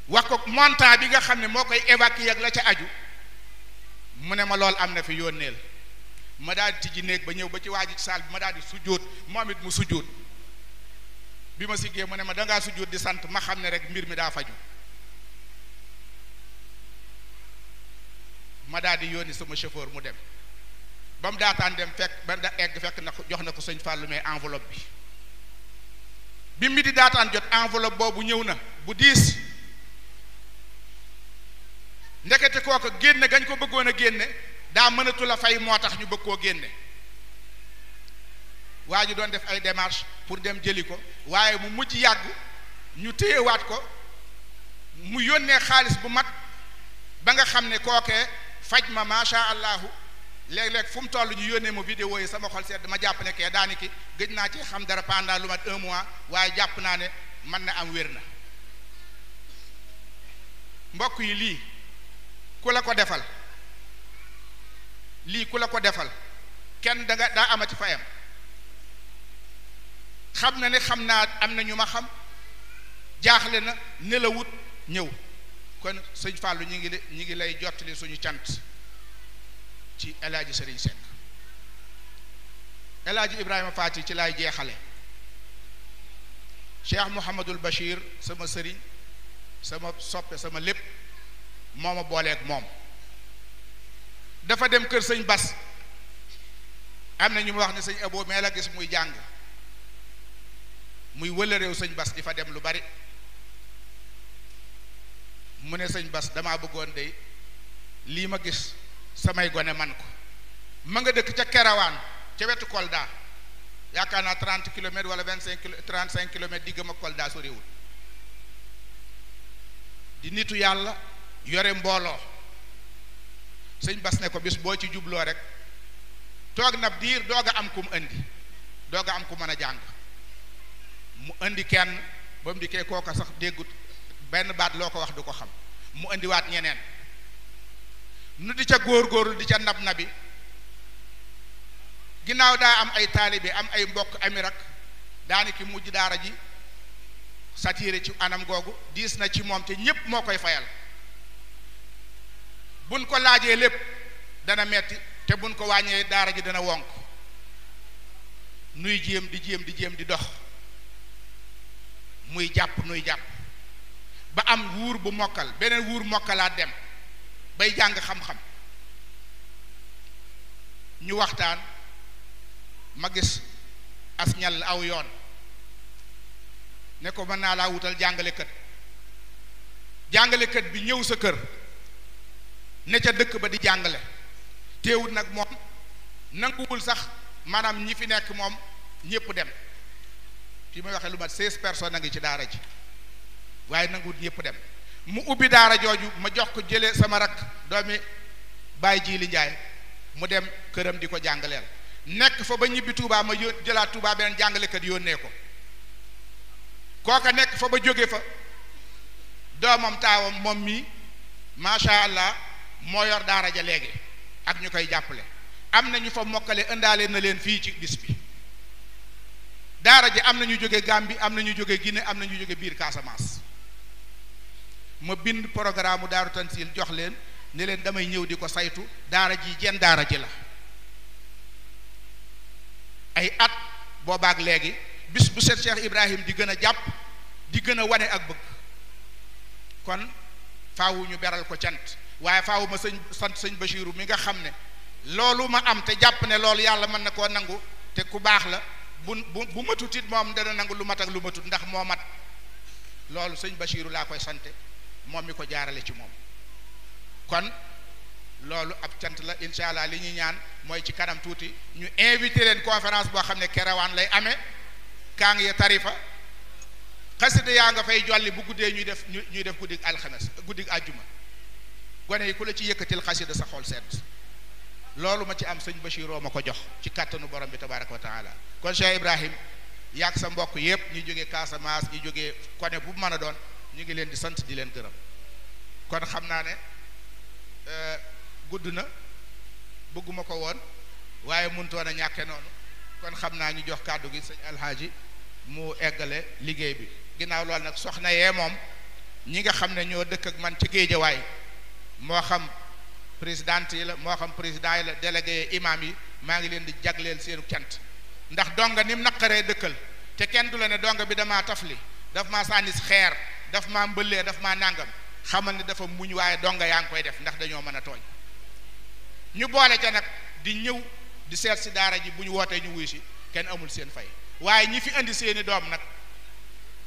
wax ko montant bi nga xam ne moo koy évacuer ak la ca aju mu ne ma lool am na fi yónneel ma daal di tijji néeg ba ñëw ba ci waa ji saal bi ma daal di sujjóot moom it mu sujjóot bi ma siggee mu ne ma dangaa sujjóot di sant ma xam ne rek mbir mi daa faju ma daal di yónni sama chauffeur mu dem ba mu daataan dem fekk ba da egg fekk na ko jox na ko sëñ Fallou mais enveloppe bi bi mi di daataan jot enveloppe boobu ñëw na bu diis ndekete kooku génne gañ ko bëggoon a génne daa mënatu la fay moo tax ñu bëgg koo génne waa ji doon def ay démarche pour dem jëli ko waaye mu mujj yàgg ñu téyewaat ko mu yónnee xaalis bu mag ba nga xam ne kookee faj ma macha allahu léeg-léeg fu mu toll ñu yónnee ma vidéo yi sama xol sedd ma jàpp ne kee daani gëj naa ci xam dara pendant lu mat un mois waaye jàpp naa ne man ne am wér na mbokk yi lii ku la ko defal lii ku la ko defal kenn da nga daa amati fayam xam na ne xam naa am na ñu ma xam jaaxle na nelawut ñëw kon sëñ fàllu ñu ngi ñi ngi lay jottali suñu cant ci El Hadj Serigne Seck El Hadj Ibrahima Fati ci laay jeexale Cheikh Mouhamadul Bachir sama sëriñ sama soppe sama lépp moo ma booleeg moom dafa dem kër sëñ Bas am na ñu ma wax ne sëñ Abo mee la gis muy jàng muy wëla réew sëñ Bas di fa dem lu bari mu ne sëñ Bas damaa bëggoon de lii ma gis samay gone man ko ma nga dëkk ca Kerawaan ca wetu Kolda yaakaar naa trent kilomètres wala vingt cinq kilo trente cinq kilomètres diggam ak Kolda soriwul di nitu yàlla yore mbooloo sëñ Bas ne ko bis boo ci jubloo rek toog na diir doog a am ku mu indi doog a am ku mën a jàng mu indi kenn ba mu dikkee kooka sax déggut. benn baat loo ko wax du ko xam mu indiwaat ñeneen nu di ca góorgóorlu di ca nab nabi ginnaaw daa am ay taalibe am ay mbokk ami rak daanaki mujj daara ji satire ci anam googu diis na ci moom te ñépp moo koy fayal buñ ko laajee lépp dana metti te buñ ko wàññee daara ji dana wonk nuy jéem di jéem di jéem di dox muy jàpp nuy jàpp ba am wuur bu mokkal beneen wuur mokkalaat dem bay jàng xam-xam ñu waxtaan ma gis as ñal aw yoon ne ko mën naa laa wutal jàngalekat jàngalekat bi ñëw sa kër ne ca dëkk ba di jàngale teewut nag moom nanguwul sax maanaam ñi fi nekk moom ñépp dem fi may waxee lu mat seize personnes a ngi ci daara ji waaye nanguwut yëpp dem mu ubbi daara jooju ma jox ko jëlee sama rakk doomi baay ji li njaay mu dem këram di ko jàngaleel nekk fa ba ñibbi Touba ma yó jëlaat Touba jàngale jàngalekat yónnee ko kooka nekk fa ba jóge fa doomam taawam moom mii macha allah moo yor daara ja léegi ak ñu koy jàppale am na ñu fa mokkale indaale na leen fii ci bis bi daara ji am na ñu jóge bi am na ñu jóge Guinée am na ñu jóge biir Casamance. ma bind programme mu daaru tansil jox leen ne leen damay ñëw di ko saytu daara ji jenn daara ji la ay at boobaak léegi bis bu set Cheikh Ibrahim di gën a jàpp di gën a wane ak bëgg kon fawuñu ñu beral ko cant waaye faawu ma sëñ sant sëñ Bachiru mi nga xam ne loolu ma am te jàpp ne loolu yàlla mën na koo nangu te ku baax la bu bu bu matutit moom dana nangu lu mat ak lu matut ndax moo mat loolu sëñ Bachiru laa koy sante moom mi ko jaarale ci moom kon loolu ab cant la incha allah li ñuy ñaan mooy ci kanam tuuti ñu invité leen conférence boo xam ne kerewaan lay amee kaang ya tarifa xasida yaa nga fay jolli bu guddee ñuy def ñuy def guddig alxames guddig àjjuma gone yi ku la ci yëkkatil xasida sa xol sedd loolu ma ci am sëñ Bachiroo ma ko jox ci kàttanu borom bi tabaraka wa taala kon Cheikh Ibrahim yaag sa mbokk yépp ñu jógee Casamance ñu jóge kone bu mën a doon ñu ngi leen di sant di leen gërëm kon xam naa ne euh, gudd na bëgguma ko woon waaye mënutoon a ñàkke noonu kon xam naa ñu jox kàddu gi sëñ alxaaji mu eggale liggéey bi ginnaaw loolu nag soxna yee moom ñi nga xam ne ñoo dëkk ak man ci géejawaay moo xam présidente yi la moo xam président yi la délégué imam yi maa ngi leen di jagleel seenu cant ndax donga ni mu naqaree dëkkal te kenn du la ne donga bi damaa li daf maa sànni xeer daf maa mbëllee daf ma nàngam xamal ni dafa muñ waaye donga yaa ngi koy def ndax dañoo mën a tooñ ñu boole ca nag di ñëw di seet si daara ji bu ñu wootee ñu wuy si kenn amul seen fay waaye ñi fi indi seeni doom nag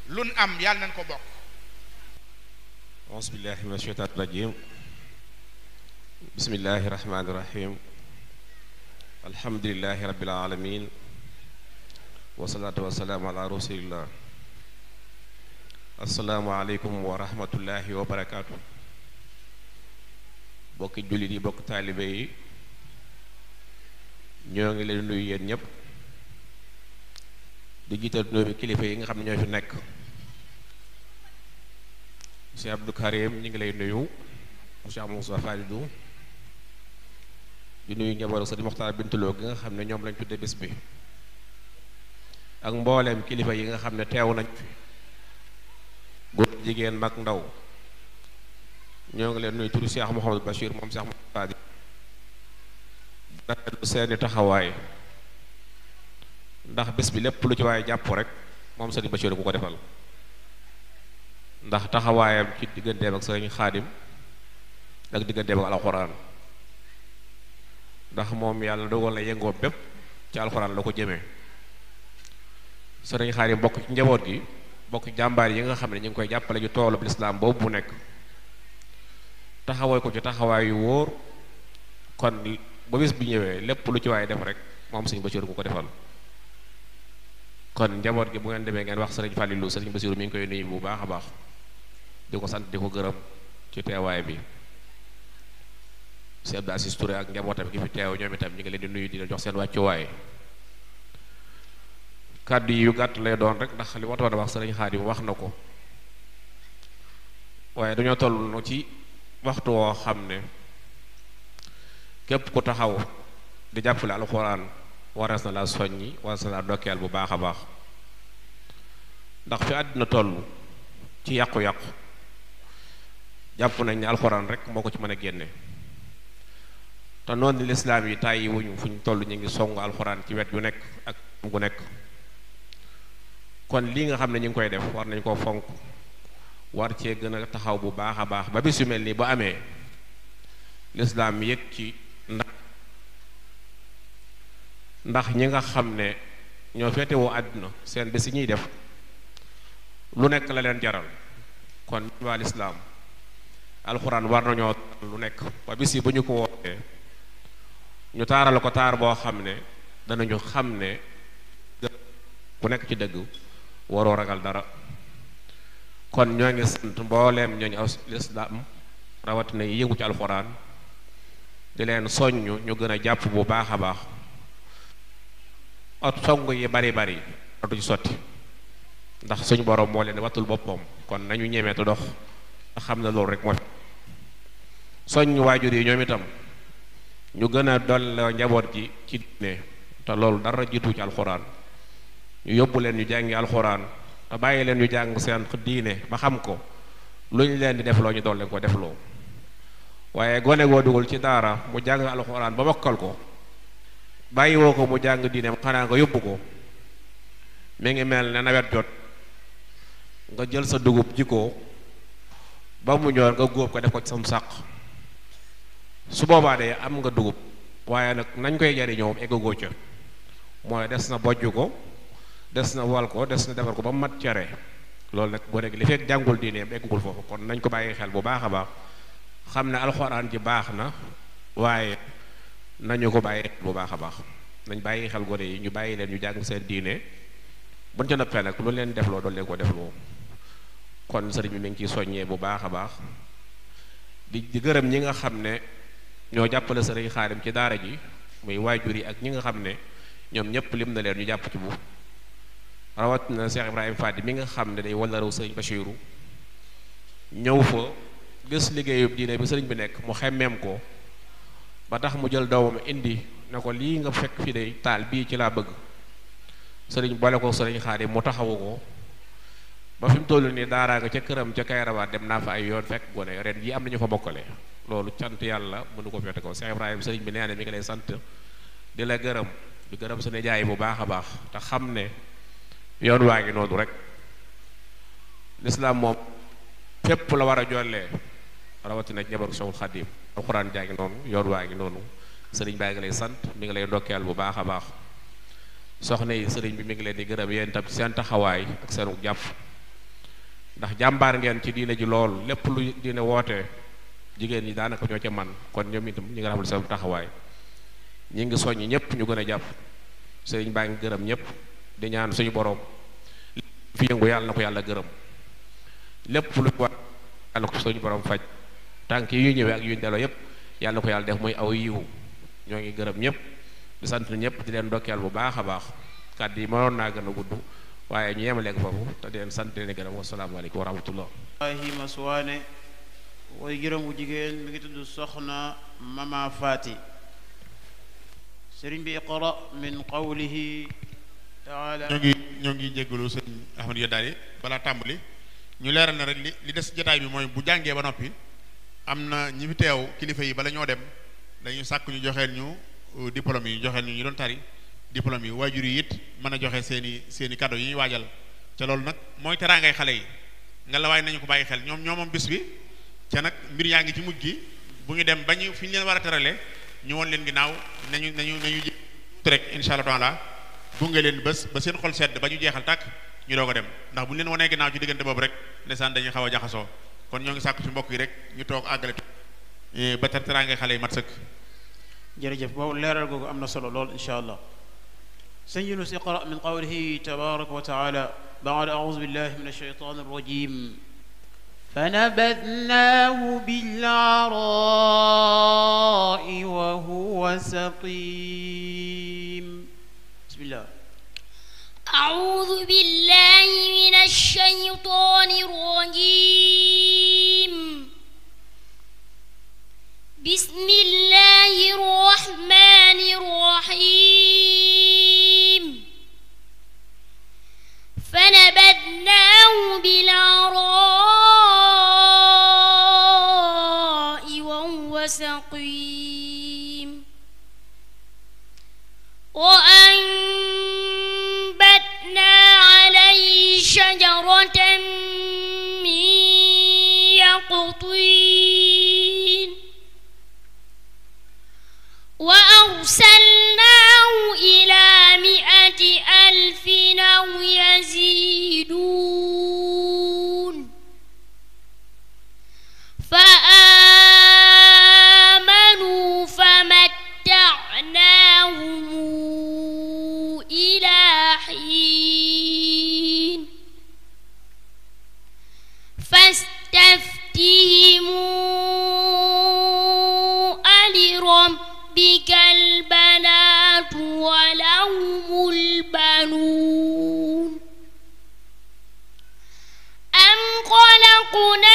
lun am yàlla nañ ko bokk auzu billahi mina sheytaani rajim bismillahi rahmaani rahim alhamdulilahi rabbil alamin wasalaatu asalaamualeykum wa rahmatullahi wa barakaatu. bokki jullit yi bokk taalibe yi ñoo ngi leen nuyu yéen ñëpp di jiital nuyoo kilifa yi nga xam ne ñoo fi nekk monsieur Abdou Karim ñu ngi lay nuyu monsieur Moussa Falidou di nuyu njabootu Sëriñ Moxtaar Bintuloo gi nga xam ne ñoom lañ tudde bés bi ak mbooleem kilifa yi nga xam ne teew nañ fi góor jigéen mag ndaw ñoo ngi leen nuy turu Cheikh Mouhamadou Bachir moom Cheikh Mouhamadou Fadi taxawaay ndax bés bi lépp lu ci waaye jàpp rek moom Serigne Bachir bu ko defal ndax taxawaayam ci digganteem ak Serigne Xaadim ak digganteem ak alxuraan ndax moom yàlla dogal na yëngoo bépp ci alxuraan la ko jëmee Serigne Xaadim bokk ci njaboot gi bokk jàmbaar yi nga xam ne ñu ngi koy jàppale ci toolub lislaam boobu bu nekk taxawal ko ci taxawaay yu wóor kon ba bi ñëwee lépp lu ci waay def rek moom sëñ Basiru mu ko defal kon njaboot gi bu ngeen demee ngeen wax sëriñ Fàllilu sëriñ Basiru mi ngi koy nuyu bu baax a baax di ko sant di ko gërëm ci teewaay bi si Abdou Assis ak njabootam gi fi teew ñoom itam ñu ngi leen di nuyu di la jox seen wàccuwaay kàddu yi yu gàtt lay doon rek ndax li watoon a wax sëriñ Xaadim wax na ko waaye dañoo tollu nu ci waxtu woo xam ne képp ku taxaw di jàppale alxuraan warees na laa soññi warees na laa dokkeel bu baax a baax ndax fi àddina toll ci yàqu-yàqu jàpp nañ ne alxuraan rek moo ko ci mën a génne te noonu lislaam yi tàyyi wuñu fu ñu toll ñu ngi songu alxuraan ci wet yu nekk ak gu nekk kon lii nga xam ne ñu ngi koy def war nañ koo fonk war cee gëna taxaw bu baax a baax ba bis yu mel nii bu amee lislaam yëg ci ndax ndax ñi nga xam ne ñoo féetewoo àdduna seen bés yi ñuy def lu nekk la leen jaral kon ñun waa lislaam alxuraan war nañoo lu nekk ba bis yi bu ñu ko wootee ñu taaral ko taar boo xam ne dana danañu xam ne ku nekk ci dëgg waroo ragal dara kon ñoo ngi sant mbooleem ñooñu aw lislaam rawatina yi yëngu ci alxuraan di leen soññ ñu gën a jàpp bu baax a baax ot song yi bari bari atu sotti ndax suñu borom moo leen wattul boppam kon nañu ñemee te dox te xam na loolu rek mooy soññ waajur yi ñoom itam ñu gën a dolloo njaboot gi ci diine te loolu dara jiitu ci alxuraan ñu yóbbu leen ñu jàngi alxuraan te bàyyi leen ñu jàng seen diine ba xam ko lu ñu leen di def loo ñu doon leen ko defloo waaye gone goo dugal ci daara mu jàng alxuraan ba mokkal ko bàyyiwoo ko mu jàng diine xanaa nga yóbbu ko mi ngi mel ne nawet jot nga jël sa dugub jikko ba mu ñor nga góob ko def ko ci sam sàq su boobaa de am nga dugub waaye nag nañ koy jariñoo eggagoo ca mooy des na bojj ko des na wal ko des na defar ko ba mu mat cere loolu nag boo nekk li fekk jàngul diineem eggul foofu kon nañ ko bàyyi xel bu baax a baax xam ne alxuraan ji baax na waaye nañu ko bàyyi bu baax a baax nañ bàyyi xel gone yi ñu bàyyi leen ñu jàng seen diine bu buñ ca noppee nag lu leen defloo doon leen ko defloo kon sëriñ bi mi ngi ciy soññee bu baax a baax di gërëm ñi nga xam ne ñoo jàppale sëriñ Xaadim ci daara ji muy waajur yi ak ñi nga xam ne ñoom ñëpp lim na leen ñu jàpp ci bu rawatina Cheikh Ibrahima Fadi mi nga xam ne day wallaraw sëriñ Bachiru ñëw fa gis liggéeyub diine bi sëriñ bi nekk mu xemmeem ko ba tax mu jël doomam indi ne ko lii nga fekk fi day taal bii ci laa bëgg sëriñ boole ko sëriñ xaar yi mu taxawu ko ba fi mu toll nii daaraa ca këram ca Kayrawaat dem naa fa ay yoon fekk gone ren yi am na ñu fa bokkale loolu cant yàlla mënu ko fete ko Cheikh Ibrahima sëriñ bi nee na mi ngi day sant di la gërëm di gërëm sa nijaay bu baax a baax te ne yoon waa ngi noonu rek lislaam moom fépp la war a jolle rawatina njabaru Cheikhul Xadim alxuraan jaa ngi noonu yoon waa ngi noonu sëriñ baa ngi lay sant mi ngi lay ndokkeel bu baax a baax soxna yi sëriñ bi mi ngi leen di gërëm yéen tam seen taxawaay ak seenu jàpp ndax jàmbaar ngeen ci diine ji lool lépp lu diine wootee jigéen ñi daanaka ñoo ca man kon ñoom itam ñi nga rafetlu seen taxawaay ñi ngi soññ ñëpp ñu gën a jàpp sëriñ baa ngi gërëm ñëpp di ñaan suñu boroom fi yëngu yàlla na ko yàlla gërëm lépp lu wax yàlla ko suñu boroom faj tànk yu ñëwee ak yu ñu delloo yépp yàlla na ko yàlla def muy aw yiwu ñoo ngi gërëm ñëpp di sant ñëpp di leen ndokkeel bu baax a baax kàddu yi mënoon naa gën a gudd waaye ñu yemaleeg foofu te di leen sant di leen gërëm wasalaamaaleykum wa rahmatullah Ibrahima Suwaane way gërëm bu jigéen mi ngi tudd bi iqra min qawlihi ñoo ngi ñoo ngi jéggalu sëñ Ahmad Yadaali balaa tàmbali ñu leeral na rek li li des jataay bi mooy bu jàngee ba noppi am na ñi fi teew kilifa yi bala ñoo dem dañuy sàkk ñu joxeel ñu uh, diplôme yi joxeel ñu ñu doon tari diplôme yi waajur yi it mën a joxe seen i seen i yi ñuy waajal ca loolu nag mooy teraangay xale yi nga la waaye nañu ko bàyyi xel ñoom ñoomam bis bi ca nag mbir yaa ngi ci mujj gi bu ñu dem ba ñu fi ñu leen war a terale ñu woon leen ginnaaw nañu nañu nañu rek incha gunge leen ba seen xol sedd ba ñu jeexal tàkk ñu doog a dem ndax bu ñu leen wanee ginnaaw ci diggante boobu rek ndeysaan dañuy xaw a jaxasoo kon ñoo ngi sàkku ci mbokk yi rek ñu toog àggale e, ba tartaraange xale yi mat sëkk jërëjëf boobu leeral googu am na solo lool insha allah sëñ Yunus iqra min qawlihi tabaraka wa taala baad audu billahi min alsheytan arrajim fanabadnaahu bilarai wa huwa saqim بسم الله أعوذ بالله من الشيطان الرجيم بسم الله الرحمن الرحيم فنبذناه بالعراء بألف أو يزيدون ربك البنات ولهم البنون أم خلقنا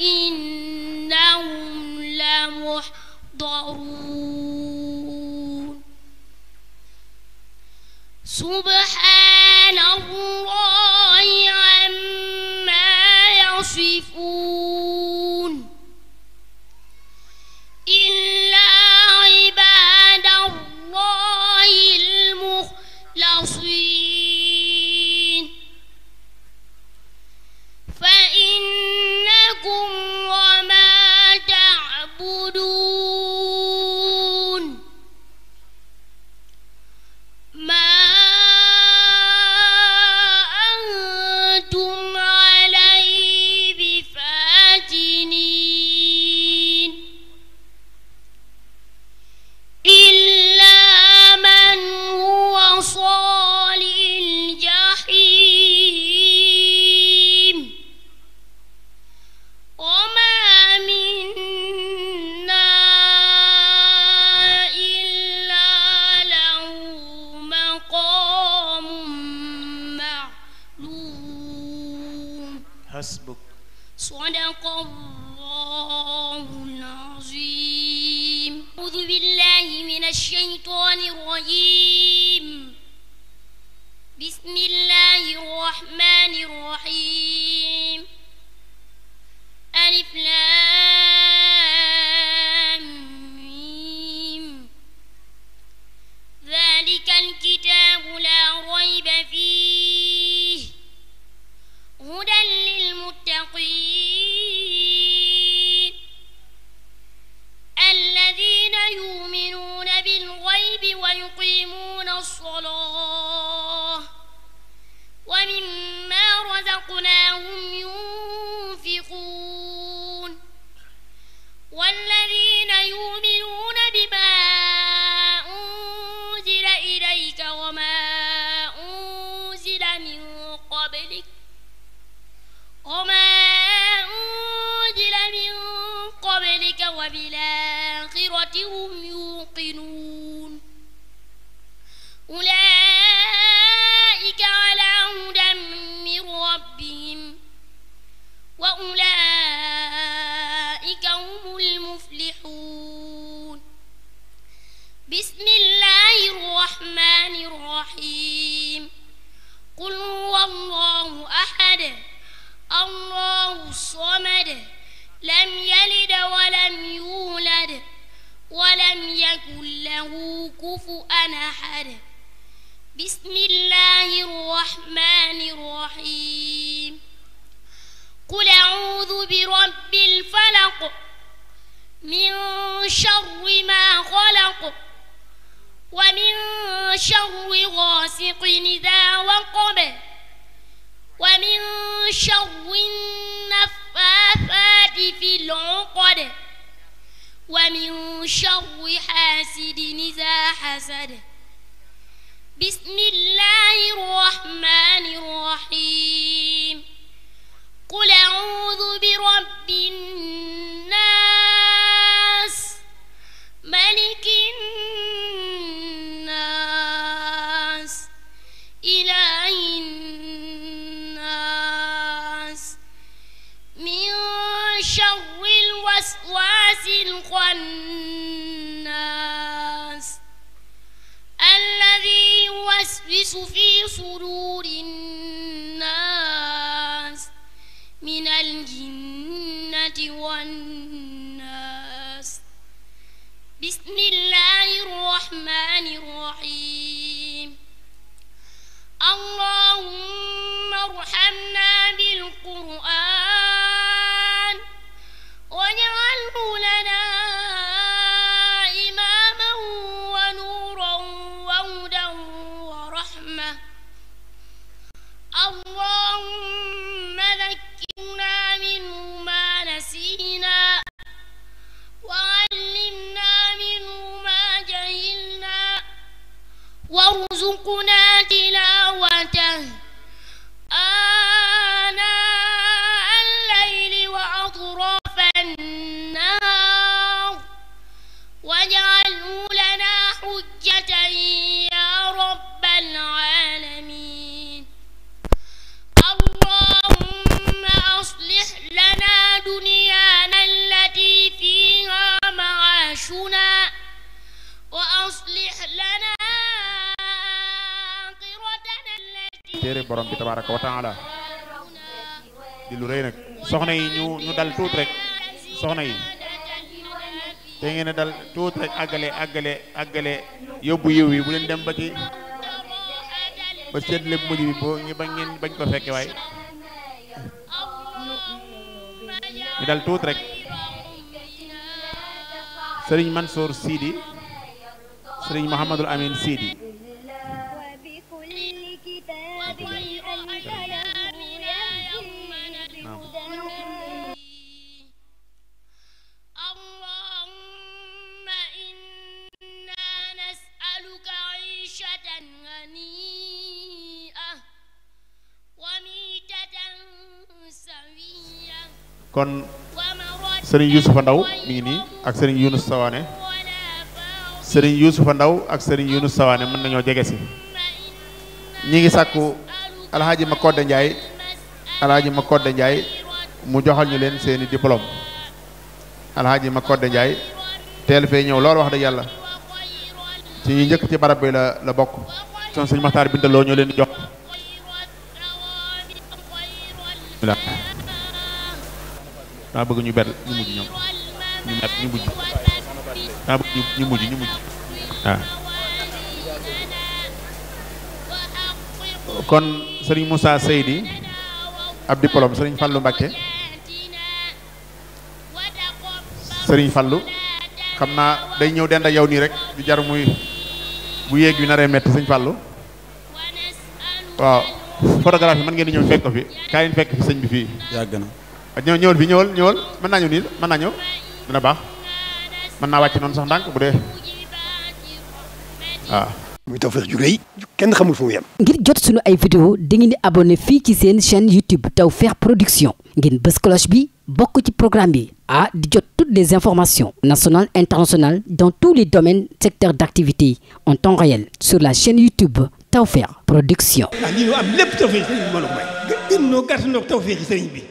وإنهم لمحضرون سبحان شر الوسواس الخناس الذي يوسوس في صدور الناس من الجنة والناس بسم الله الرحمن الرحيم اللهم ارحمنا téere borom bi tabaraka wa taala di lu rëy nag soxna yi ñu ñu dal tuut rek soxna yi te ngeen a dal tuut rek àggale àggale yóbbu yiw yi bu leen dem ba ci ba seetle bu mujj bi boo ñu bañ ngeen bañ ko fekke waaye ñu dal tuut rek sëriñ Mansour Sidi sëriñ Mouhamadul Amin Sidi kon sëriñ Youssoufa Ndaw mi ngi nii ak sëriñ Younus Sawaane sëriñ Youssoufa Ndaw ak sëriñ Younus Sawaane mën nañoo jege si ñi ngi sàkku alxaaji Makodde Ndiaye alxaaji Makodde Ndiaye mu joxal ñu leen seeni diplôme alxaaji Makodde Ndiaye teel fee ñëw loolu wax dëgg yàlla ci ñu njëkk ci barab bi la la bokk son sëñ Maxtaar Bintaloo ñoo leen di jox daa bëgg ñu bel ñu mujj ñoom ñu mujj kon sëriñ Moussa Seydi ab diplôme sëriñ fallu Mbacké sëriñ Fallou xam naa day ñëw dend ak yow nii rek du jar muy bu yéeg bi naree metti sëñ Fallou waaw photographe yi mën ngeen di ñëw fekk ko fi kaay fekk fi sëñ bi fii yàgg na Ah, ñëw ñëwal bi ñëwal ñëwal mën naa ñëw nii mën naa ñëw dina baax mën naa wàcc noonu sax ndànk bu dee waaw. Ah. muy Tawfekh ju kenn xamul fu mu ngir jot sunu ay vidéo dangeen di abonné fii ci seen chaîne YouTube Tawfekh Production ngeen bës cloche bi bokk ci programme bi ah di jot toutes des informations nationales internationales dans tous les domaines secteurs d'activité en temps réel sur la chaîne YouTube Tawfekh Production. ah lii